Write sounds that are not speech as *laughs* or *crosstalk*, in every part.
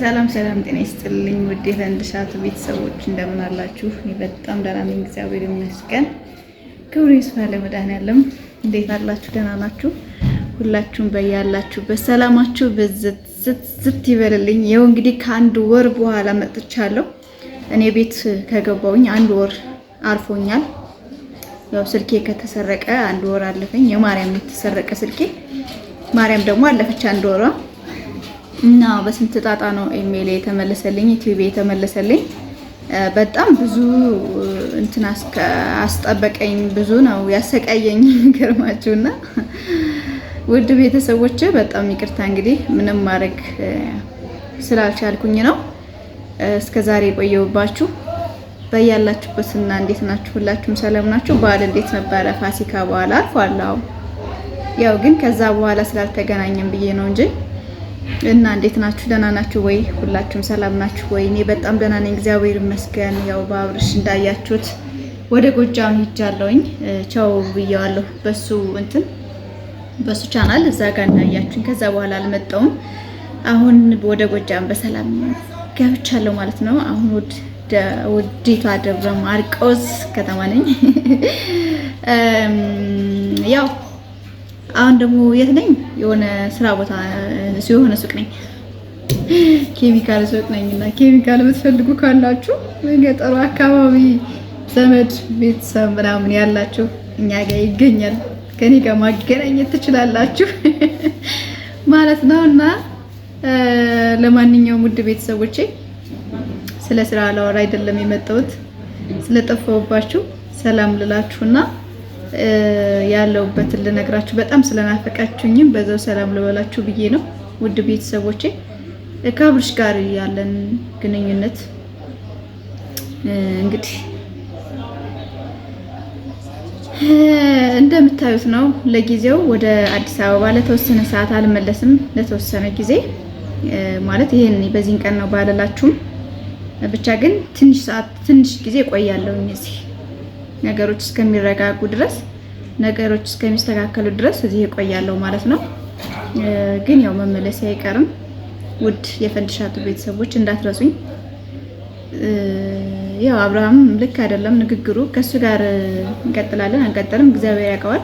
ሰላም ሰላም፣ ጤና ይስጥልኝ ውዴ ፈንድሻት ቤተሰቦች እንደምን አላችሁ? እኔ በጣም ደህና ነኝ፣ እግዚአብሔር ይመስገን። ክብሩ ይስፋ ለመድኃኔዓለም። እንዴት አላችሁ? ደህና ናችሁ? ሁላችሁም በያላችሁበት ሰላማችሁ ብዝት ይበልልኝ። ይኸው እንግዲህ ከአንድ ወር በኋላ መጥቻለሁ። እኔ ቤት ከገባውኝ አንድ ወር አልፎኛል። ያው ስልኬ ከተሰረቀ አንድ ወር አለፈኝ። የማርያም የተሰረቀ ስልኬ ማርያም ደግሞ አለፈች አንድ ወሯ እና በስንት ጣጣ ነው ኢሜል የተመለሰልኝ ዩቲዩብ የተመለሰልኝ። በጣም ብዙ እንትን አስጠበቀኝ። ብዙ ነው ያሰቃየኝ። *laughs* ገርማችሁና ውድ ቤተሰቦች በጣም ይቅርታ እንግዲህ ምንም ማድረግ ስላልቻልኩኝ ነው እስከ ዛሬ የቆየሁባችሁ። እና እንዴት ናችሁ? ሁላችሁም ሰላም ናችሁ? በዓል እንዴት ነበረ? ፋሲካ በኋላ አልፏል። ያው ግን ከዛ በኋላ ስላልተገናኘን ብዬ ነው እንጂ እና እንዴት ናችሁ? ደህና ናችሁ ወይ? ሁላችሁም ሰላም ናችሁ ወይ? እኔ በጣም ደህና ነኝ፣ እግዚአብሔር ይመስገን። ያው በአብርሽ እንዳያችሁት ወደ ጎጃም ሂጃለሁኝ። ቻው ብያዋለሁ በሱ እንትን በሱ ቻናል እዛ ጋር እንዳያችሁኝ። ከዛ በኋላ አልመጣውም። አሁን ወደ ጎጃም በሰላም ገብቻለሁ ማለት ነው። አሁን ውዴቷ ደብረ ማርቆስ ከተማ ነኝ። *laughs* ያው አሁን ደግሞ የት ነኝ? የሆነ ስራ ቦታ የሆነ ሱቅ ነኝ፣ ኬሚካል ሱቅ ነኝ። እና ኬሚካል የምትፈልጉ ካላችሁ ገጠሩ አካባቢ ዘመድ ቤተሰብ ምናምን ያላችሁ እኛ ጋር ይገኛል። ከኔ ጋር ማገናኘት ትችላላችሁ *laughs* ማለት ነው። እና ለማንኛውም ውድ ቤተሰቦቼ ስለ ስራ ላወራ አይደለም የመጣሁት ስለጠፋሁባችሁ ሰላም ልላችሁና ያለውበትን ልነግራችሁ በጣም ስለናፈቃችሁኝም በዛው ሰላም ልበላችሁ ብዬ ነው። ውድ ቤተሰቦቼ ከአብርሽ ጋር ያለን ግንኙነት እንግዲህ እንደምታዩት ነው። ለጊዜው ወደ አዲስ አበባ ለተወሰነ ሰዓት አልመለስም። ለተወሰነ ጊዜ ማለት ይሄን በዚህን ቀን ነው ባልላችሁም፣ ብቻ ግን ትንሽ ሰዓት ትንሽ ጊዜ ቆያለሁኝ። እዚህ ነገሮች እስከሚረጋጉ ድረስ ነገሮች እስከሚስተካከሉ ድረስ እዚህ እቆያለሁ ማለት ነው። ግን ያው መመለስ አይቀርም። ውድ የፈንድሻቱ ቤተሰቦች እንዳትረሱኝ። ያው አብርሃም ልክ አይደለም ንግግሩ። ከእሱ ጋር እንቀጥላለን አንቀጥልም እግዚአብሔር ያውቀዋል።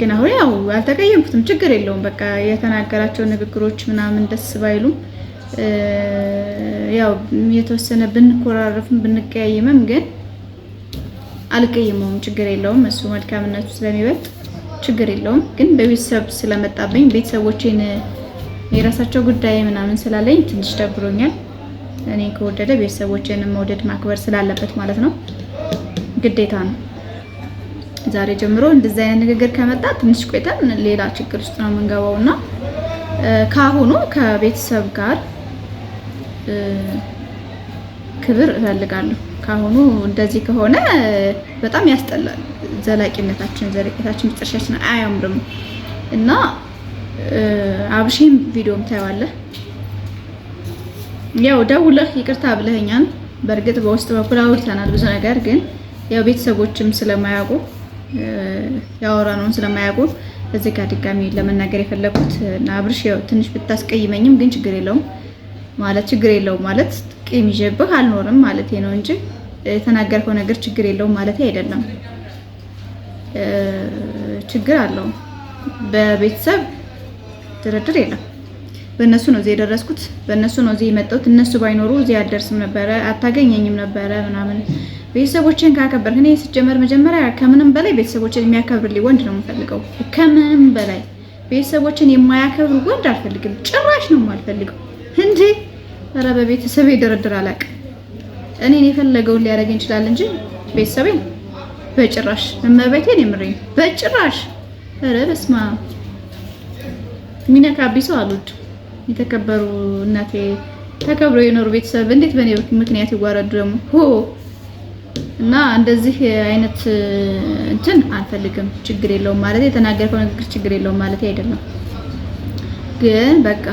ግን አሁን ያው አልተቀየምኩትም፣ ችግር የለውም። በቃ የተናገራቸው ንግግሮች ምናምን ደስ ባይሉም ያው የተወሰነ ብንኮራረፍም ብንቀያይምም ግን አልቀይመውም፣ ችግር የለውም። እሱ መልካምነቱ ስለሚበልጥ ችግር የለውም። ግን በቤተሰብ ስለመጣብኝ ቤተሰቦቼን የራሳቸው ጉዳይ ምናምን ስላለኝ ትንሽ ደብሮኛል። እኔ ከወደደ ቤተሰቦቼን መውደድ ማክበር ስላለበት ማለት ነው፣ ግዴታ ነው። ዛሬ ጀምሮ እንደዚህ አይነት ንግግር ከመጣ ትንሽ ቆይተን ሌላ ችግር ውስጥ ነው የምንገባው እና ከአሁኑ ከቤተሰብ ጋር ክብር እፈልጋለሁ። ካሁኑ እንደዚህ ከሆነ በጣም ያስጠላል። ዘላቂነታችን ዘላቂታችን መጨረሻችን አያምርም እና አብሽም ቪዲዮም ታየዋለህ። ያው ደውለህ ይቅርታ ብለኸኛል። በእርግጥ በውስጥ በኩል አውርተናል ብዙ ነገር ግን ያው ቤተሰቦችም ስለማያውቁ ያወራነውን ስለማያውቁ እዚህ ጋር ድጋሚ ለመናገር የፈለኩት እና አብርሽ ያው ትንሽ ብታስቀይመኝም ግን ችግር የለውም ማለት ችግር የለውም ማለት ቂም ይዤብህ አልኖርም ማለት ነው እንጂ የተናገርከው ነገር ችግር የለውም ማለት አይደለም። ችግር አለው። በቤተሰብ ድርድር የለም። በእነሱ ነው እዚህ የደረስኩት፣ በእነሱ ነው እዚህ የመጣሁት። እነሱ ባይኖሩ እዚህ አልደርስም ነበረ፣ አታገኘኝም ነበረ ምናምን። ቤተሰቦችን ካከበርክ፣ እኔ ስጀመር መጀመሪያ ከምንም በላይ ቤተሰቦችን የሚያከብርልኝ ወንድ ነው የምፈልገው። ከምንም በላይ ቤተሰቦችን የማያከብር ወንድ አልፈልግም፣ ጭራሽ ነው የማልፈልገው እንዴ ኧረ በቤተሰቤ ድርድር አላውቅም። እኔን የፈለገውን ሊያደርግ ይችላል እንጂ ቤተሰቤን በጭራሽ እመቤቴን የምሬን በጭራሽ። ኧረ በስመ አብ ሚነካብኝ ሰው አልወድም። የተከበሩ እናቴ ተከብሮ የኖሩ ቤተሰብ እንዴት በእኔ ምክንያት ይዋረዱ ደግሞ ሆ እና እንደዚህ አይነት እንትን አልፈልግም። ችግር የለውም ማለት የተናገርከው ንግግር ችግር የለውም ማለት አይደለም፣ ግን በቃ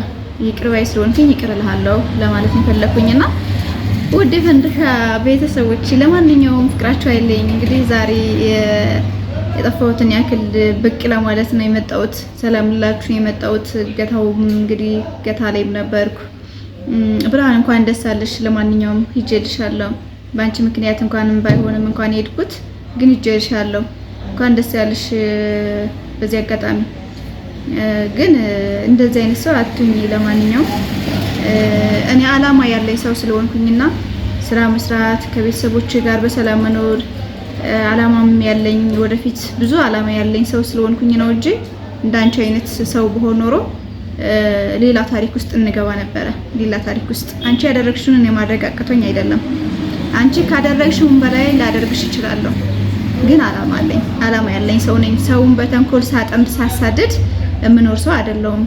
ይቅር ባይ ስለሆንኩኝ ይቅር እልሃለሁ ለማለት የፈለኩኝና ውድ ፈንድሻ ቤተሰቦች ለማንኛውም ፍቅራችሁ አይለኝ። እንግዲህ ዛሬ የጠፋሁትን ያክል ብቅ ለማለት ነው የመጣሁት። ሰላም ላችሁ የመጣሁት ገታውም እንግዲህ ገታ ላይም ነበርኩ። ብርሃን እንኳን ደስ አለሽ። ለማንኛውም ይጀልሻለሁ። በአንቺ ምክንያት እንኳንም ባይሆንም እንኳን የሄድኩት ግን ይጀልሻለሁ። እንኳን ደስ ያለሽ በዚህ አጋጣሚ ግን እንደዚህ አይነት ሰው አትሁኝ። ለማንኛውም እኔ አላማ ያለኝ ሰው ስለሆንኩኝና ስራ መስራት ከቤተሰቦች ጋር በሰላም መኖር አላማም ያለኝ ወደፊት ብዙ አላማ ያለኝ ሰው ስለሆንኩኝ ነው እንጂ እንዳንቺ አይነት ሰው በሆን ኖሮ ሌላ ታሪክ ውስጥ እንገባ ነበረ። ሌላ ታሪክ ውስጥ አንቺ ያደረግሽውን እኔ ማድረግ አቅቶኝ አይደለም። አንቺ ካደረግሽውን በላይ ላደርግሽ እችላለሁ። ግን አላማ አለኝ። አላማ ያለኝ ሰው ነኝ። ሰውን በተንኮል ሳጠምድ ሳሳድድ የምኖር ሰው አይደለሁም።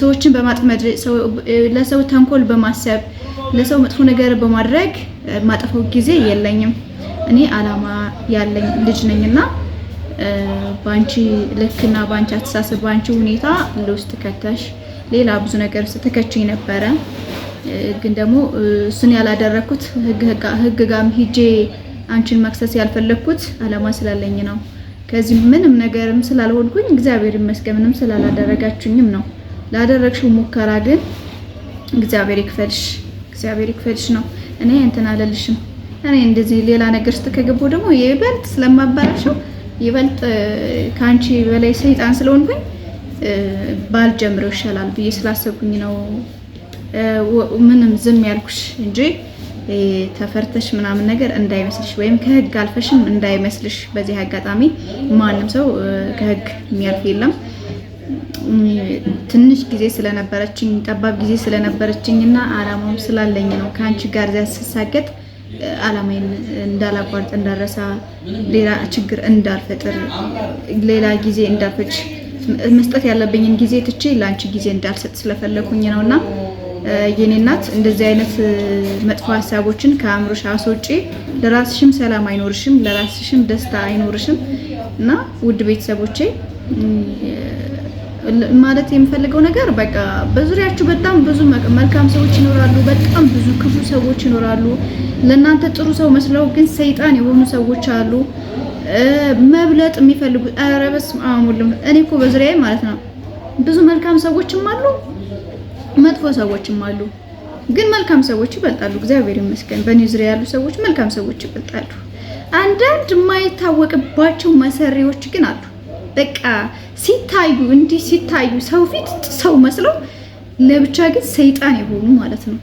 ሰዎችን በማጥመድ ለሰው ተንኮል በማሰብ ለሰው መጥፎ ነገር በማድረግ ማጠፈው ጊዜ የለኝም። እኔ አላማ ያለኝ ልጅ ነኝና ባንቺ ልክና ባንቺ አስተሳሰብ ባንቺ ሁኔታ ለውስጥ ከተሽ ሌላ ብዙ ነገር ስትከችኝ ነበረ። ግን ደግሞ እሱን ያላደረኩት ህግ ጋም ሂጄ አንቺን መክሰስ ያልፈለግኩት አላማ ስላለኝ ነው። ከዚህ ምንም ነገርም ስላልሆንኩኝ እግዚአብሔር ይመስገን ምንም ስላላደረጋችሁኝም ነው። ላደረግሽው ሙከራ ግን እግዚአብሔር ይክፈልሽ፣ እግዚአብሔር ይክፈልሽ ነው። እኔ እንትን አለልሽም። እኔ እንደዚህ ሌላ ነገር ስትከገባው ደግሞ ይበልጥ ስለማባራሽው ይበልጥ ከአንቺ በላይ ሰይጣን ስለሆንኩኝ ባልጀምረው ይሻላል ብዬ ስላሰብኩኝ ነው ምንም ዝም ያልኩሽ እንጂ ተፈርተሽ ምናምን ነገር እንዳይመስልሽ ወይም ከህግ አልፈሽም እንዳይመስልሽ። በዚህ አጋጣሚ ማንም ሰው ከህግ የሚያልፍ የለም። ትንሽ ጊዜ ስለነበረችኝ ጠባብ ጊዜ ስለነበረችኝ እና አላማውም ስላለኝ ነው ከአንቺ ጋር እዚያ ስሳገጥ አላማይን እንዳላቋርጥ እንዳረሳ፣ ሌላ ችግር እንዳልፈጥር፣ ሌላ ጊዜ እንዳልፈጭ መስጠት ያለብኝን ጊዜ ትቼ ለአንቺ ጊዜ እንዳልሰጥ ስለፈለኩኝ ነው እና የኔ እናት እንደዚህ አይነት መጥፎ ሀሳቦችን ከአእምሮሽ አስወጪ። ለራስሽም ሰላም አይኖርሽም፣ ለራስሽም ደስታ አይኖርሽም። እና ውድ ቤተሰቦቼ ማለት የምፈልገው ነገር በቃ በዙሪያችሁ በጣም ብዙ መልካም ሰዎች ይኖራሉ፣ በጣም ብዙ ክፉ ሰዎች ይኖራሉ። ለእናንተ ጥሩ ሰው መስለው ግን ሰይጣን የሆኑ ሰዎች አሉ። መብለጥ የሚፈልጉ ረበስ በስመ እኔ እኮ በዙሪያዬ ማለት ነው ብዙ መልካም ሰዎችም አሉ መጥፎ ሰዎችም አሉ፣ ግን መልካም ሰዎች ይበልጣሉ። እግዚአብሔር ይመስገን በእኔ ዙሪያ ያሉ ሰዎች መልካም ሰዎች ይበልጣሉ። አንዳንድ የማይታወቅባቸው መሰሪዎች ግን አሉ። በቃ ሲታዩ እንዲህ ሲታዩ ሰው ፊት ሰው መስለው ለብቻ ግን ሰይጣን የሆኑ ማለት ነው።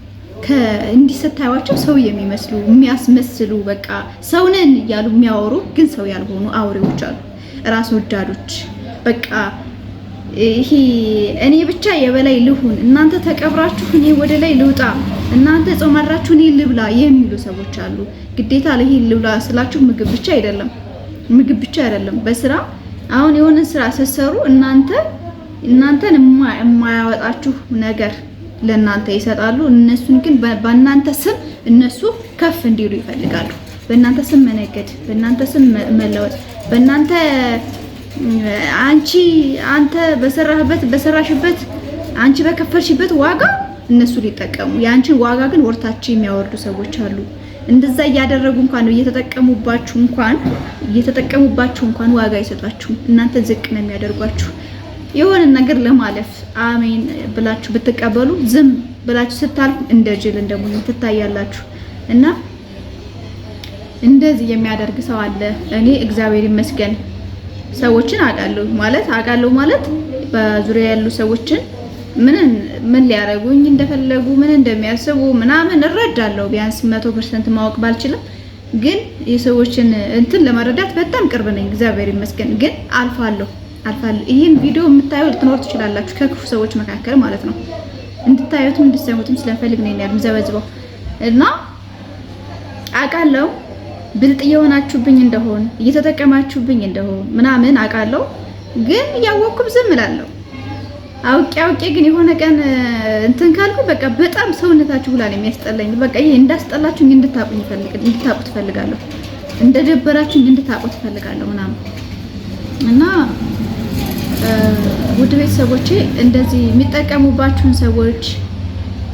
እንዲህ ስታዩቸው ሰው የሚመስሉ የሚያስመስሉ በቃ ሰውነን እያሉ የሚያወሩ ግን ሰው ያልሆኑ አውሬዎች አሉ፣ ራስ ወዳዶች በቃ ይሄ እኔ ብቻ የበላይ ልሁን፣ እናንተ ተቀብራችሁ እኔ ወደ ላይ ልውጣ፣ እናንተ ጾማራችሁ እኔ ልብላ የሚሉ ሰዎች አሉ። ግዴታ ለይሄ ልብላ ስላችሁ ምግብ ብቻ አይደለም፣ ምግብ ብቻ አይደለም። በስራ አሁን የሆነ ስራ ስትሰሩ እናንተ እናንተን የማያወጣችሁ ነገር ለእናንተ ይሰጣሉ። እነሱን ግን በእናንተ ስም እነሱ ከፍ እንዲሉ ይፈልጋሉ። በእናንተ ስም መነገድ፣ በእናንተ ስም መለወጥ፣ በእናንተ አንቺ አንተ በሰራህበት በሰራሽበት አንቺ በከፈልሽበት ዋጋ እነሱ ሊጠቀሙ የአንቺን ዋጋ ግን ወርታች የሚያወርዱ ሰዎች አሉ። እንደዛ እያደረጉ እንኳን እየተጠቀሙባችሁ እንኳን እየተጠቀሙባችሁ እንኳን ዋጋ አይሰጧችሁም። እናንተ ዝቅ ነው የሚያደርጓችሁ። የሆነ ነገር ለማለፍ አሜን ብላችሁ ብትቀበሉ ዝም ብላችሁ ስታልፉ እንደ ጅል እንደሞኝ ትታያላችሁ እና እንደዚህ የሚያደርግ ሰው አለ። እኔ እግዚአብሔር ይመስገን ሰዎችን አውቃለሁ ማለት አውቃለሁ ማለት በዙሪያ ያሉ ሰዎችን ምን ምን ሊያደርጉኝ እንደፈለጉ ምን እንደሚያስቡ ምናምን እረዳለሁ። ቢያንስ መቶ ፐርሰንት ማወቅ ባልችልም ግን የሰዎችን እንትን ለመረዳት በጣም ቅርብ ነኝ፣ እግዚአብሔር ይመስገን። ግን አልፋለሁ አልፋለሁ። ይህን ቪዲዮ የምታዩት ልትኖር ትችላላችሁ፣ ከክፉ ሰዎች መካከል ማለት ነው። እንድታዩትም እንድትሰሙትም ስለምፈልግ ነው ያልምዘበዝበው እና አውቃለሁ ብልጥ እየሆናችሁብኝ እንደሆን እየተጠቀማችሁብኝ እንደሆን ምናምን አውቃለሁ፣ ግን እያወቅኩም ዝም እላለሁ። አውቄ አውቄ ግን የሆነ ቀን እንትን ካልኩ በቃ በጣም ሰውነታችሁ ሁላ ነው የሚያስጠላኝ። በቃ ይሄ እንዳስጠላችሁ እንድታቁኝ ፈልጋለሁ፣ እንድታቁት ፈልጋለሁ፣ እንደደበራችሁኝ እንድታቁት ምናምን እና ውድ ቤተሰቦቼ እንደዚህ የሚጠቀሙባችሁን ሰዎች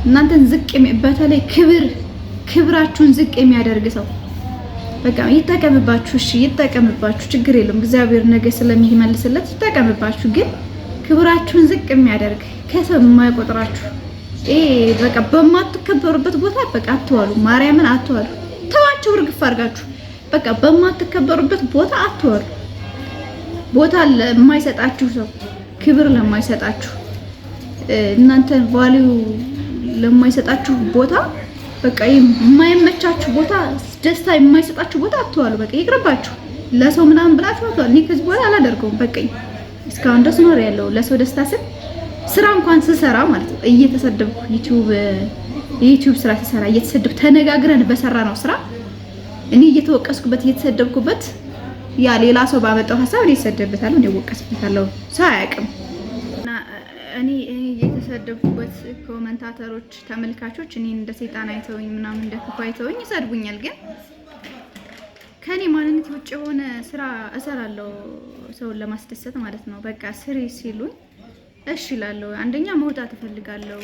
እናንተን ዝቅ በተለይ ክብር ክብራችሁን ዝቅ የሚያደርግ ሰው በቃ ይጠቀምባችሁ፣ እሺ ይጠቀምባችሁ፣ ችግር የለም እግዚአብሔር ነገ ስለሚመልስለት ይጠቀምባችሁ። ግን ክብራችሁን ዝቅ የሚያደርግ ከሰው የማይቆጥራችሁ በቃ በማትከበሩበት ቦታ በቃ አትዋሉ፣ ማርያምን አትዋሉ። ተዋቸው እርግፍ አድርጋችሁ በቃ በማትከበሩበት ቦታ አትዋሉ። ቦታ ለማይሰጣችሁ ሰው ክብር ለማይሰጣችሁ እናንተ ቫሊዩ ለማይሰጣችሁ ቦታ በቃ የማይመቻችሁ ቦታ፣ ደስታ የማይሰጣችሁ ቦታ አትዋሉ። በቃ ይቅርባችሁ። ለሰው ምናምን ብላችሁ አትዋሉ። እኔ ከዚህ በኋላ አላደርገውም። በቃኝ። እስካሁን ደስ ኖር ያለው ለሰው ደስታ ስል ስራ እንኳን ስሰራ ማለት ነው እየተሰደብኩ ዩቲዩብ የዩቲዩብ ስራ ሲሰራ እየተሰደብ ተነጋግረን በሰራ ነው ስራ እኔ እየተወቀስኩበት እየተሰደብኩበት ያ ሌላ ሰው ባመጣው ሀሳብ እኔ እሰደብበታለሁ፣ እኔ እወቀስበታለሁ። ሰው አያውቅም እና እኔ የተሰደፉበት ኮመንታተሮች ተመልካቾች እኔን እንደ ሰይጣን አይተውኝ ምናምን እንደ ክፉ አይተውኝ ይሰድቡኛል። ግን ከኔ ማንነት ውጭ የሆነ ስራ እሰራለሁ ሰውን ለማስደሰት ማለት ነው። በቃ ስሪ ሲሉኝ እሺ እላለሁ። አንደኛ መውጣት እፈልጋለሁ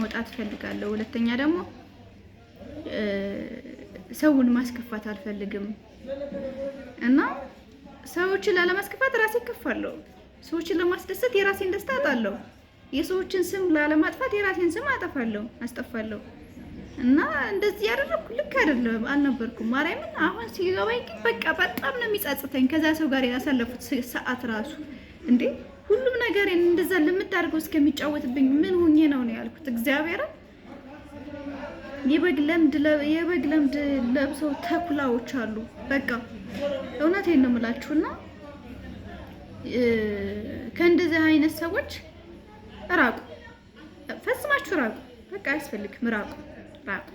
መውጣት እፈልጋለሁ። ሁለተኛ ደግሞ ሰውን ማስከፋት አልፈልግም እና ሰዎችን ላለማስከፋት ራሴ እከፋለሁ። ሰዎችን ለማስደሰት የራሴን ደስታ አጣለሁ። የሰዎችን ስም ላለማጥፋት የራሴን ስም አጠፋለሁ አስጠፋለሁ። እና እንደዚህ ያደረኩ ልክ አይደለም አልነበርኩም። ማርያምን አሁን ሲገባኝ ግን በቃ በጣም ነው የሚጸጽተኝ። ከዛ ሰው ጋር ያሳለፉት ሰዓት ራሱ እንዴ ሁሉም ነገር እንደዛ ለምታደርገው እስከሚጫወትብኝ ምን ሁኜ ነው ነው ያልኩት። እግዚአብሔር የበግ ለምድ የበግ ለምድ ለብሰው ተኩላዎች አሉ። በቃ እውነቴን ነው የምላችሁና ከእንደዚህ አይነት ሰዎች ራቁ፣ ፈጽማችሁ ራቁ። በቃ አያስፈልግም፣ ራቁ፣ ራቁ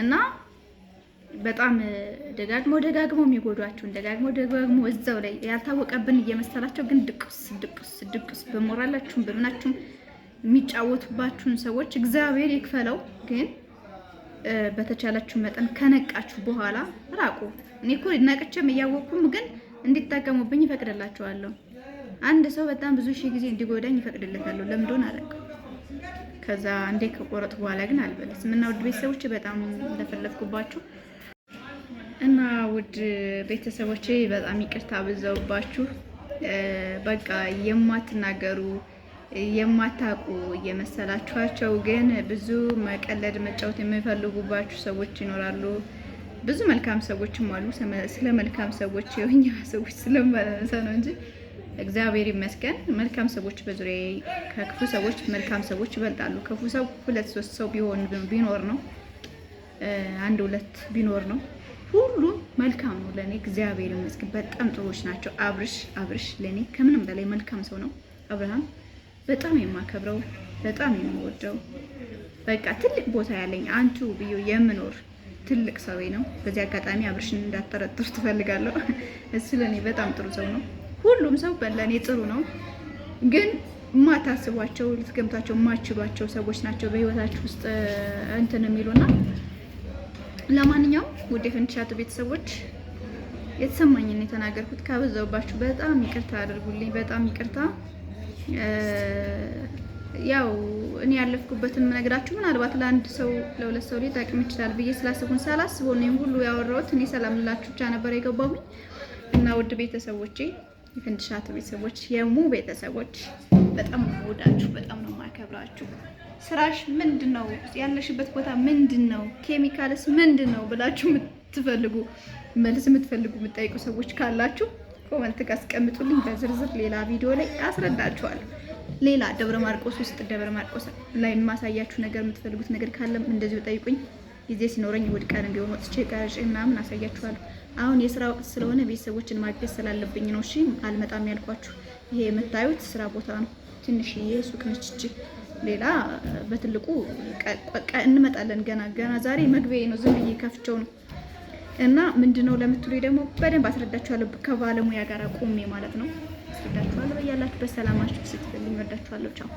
እና በጣም ደጋግሞ ደጋግሞ የሚጎዷችሁን ደጋግሞ ደጋግሞ እዛው ላይ ያልታወቀብን እየመሰላቸው ግን ድቁስ ድቁስ ድቁስ በሞራላችሁም በምናችሁም የሚጫወቱባችሁን ሰዎች እግዚአብሔር ይክፈለው። ግን በተቻላችሁ መጠን ከነቃችሁ በኋላ ራቁ። እኔ እኮ ነቅቼም እያወቅኩም ግን እንዲጠቀሙብኝ ይፈቅድላችኋለሁ። አንድ ሰው በጣም ብዙ ሺህ ጊዜ እንዲጎዳኝ ይፈቅድለታለሁ። ለምዶን አለቅ ከዛ እንዴ ከቆረጥ በኋላ ግን አልበለስም እና ውድ ቤተሰቦች በጣም እንደፈለፍኩባችሁ እና ውድ ቤተሰቦቼ በጣም ይቅርታ ብዘውባችሁ። በቃ የማትናገሩ የማታውቁ እየመሰላችኋቸው ግን ብዙ መቀለድ መጫወት የሚፈልጉባችሁ ሰዎች ይኖራሉ። ብዙ መልካም ሰዎችም አሉ። ስለ መልካም ሰዎች የኛ ሰዎች ስለማላነሳ ነው እንጂ እግዚአብሔር ይመስገን። መልካም ሰዎች በዙሪያ ከክፉ ሰዎች መልካም ሰዎች ይበልጣሉ። ክፉ ሰው ሁለት ሶስት ሰው ቢሆን ቢኖር ነው አንድ ሁለት ቢኖር ነው። ሁሉም መልካም ነው ለእኔ እግዚአብሔር ይመስገን። በጣም ጥሩዎች ናቸው። አብርሽ አብርሽ ለእኔ ከምንም በላይ መልካም ሰው ነው። አብርሃም በጣም የማከብረው በጣም የምወደው በቃ ትልቅ ቦታ ያለኝ አንቱ ብዬ የምኖር ትልቅ ሰው ነው። በዚህ አጋጣሚ አብርሽን እንዳጠረጥሩ ትፈልጋለሁ። *laughs* እሱ ለእኔ በጣም ጥሩ ሰው ነው። ሁሉም ሰው በለኔ ጥሩ ነው፣ ግን ማታስቧቸው ልትገምቷቸው የማችሏቸው ሰዎች ናቸው በህይወታችሁ ውስጥ እንትን የሚሉና ለማንኛውም ውድ የፍንድሻቱ ቤተሰቦች የተሰማኝን የተናገርኩት ካበዛውባችሁ በጣም ይቅርታ አድርጉልኝ። በጣም ይቅርታ። ያው እኔ ያለፍኩበትን ነግራችሁ ምናልባት ለአንድ ሰው ለሁለት ሰው ሊጠቅም ይችላል ብዬ ስላስቡን ሳላስበው ሁሉ ያወራሁት እኔ ሰላም ልላችሁ ብቻ ነበር የገባሁኝ እና ውድ ቤተሰቦቼ የፈንድሻት ቤተሰቦች የሙ ቤተሰቦች በጣም ነው የምወዳችሁ፣ በጣም ነው የማከብራችሁ። ስራሽ ምንድን ነው? ያለሽበት ቦታ ምንድን ነው? ኬሚካልስ ምንድን ነው ብላችሁ የምትፈልጉ መልስ የምትፈልጉ የምጠይቁ ሰዎች ካላችሁ ኮመንት አስቀምጡልኝ። በዝርዝር ሌላ ቪዲዮ ላይ አስረዳችኋል። ሌላ ደብረ ማርቆስ ውስጥ ደብረ ማርቆስ ላይ የማሳያችሁ ነገር የምትፈልጉት ነገር ካለም እንደዚሁ ጠይቁኝ። ጊዜ ሲኖረኝ እሑድ ቀን እንዲሆን ወጥቼ ምናምን አሳያችኋለሁ። አሁን የስራ ወቅት ስለሆነ ቤተሰቦችን ማገዝ ስላለብኝ ነው። እሺ አልመጣም ያልኳችሁ። ይሄ የምታዩት ስራ ቦታ ነው። ትንሽ የሱ ነች ሌላ በትልቁ እንመጣለን። ገና ገና ዛሬ መግቢያ ነው። ዝም ብዬ ከፍቸው ነው እና ነው ለምትሉ ደግሞ በደንብ አስረዳችኋለሁ። ከባለሙያ ጋር ቆሜ ማለት ነው አስረዳችኋለሁ። በያላችሁበት ሰላማችሁ ስትፈልኝ ወዳችኋለሁ። ቻው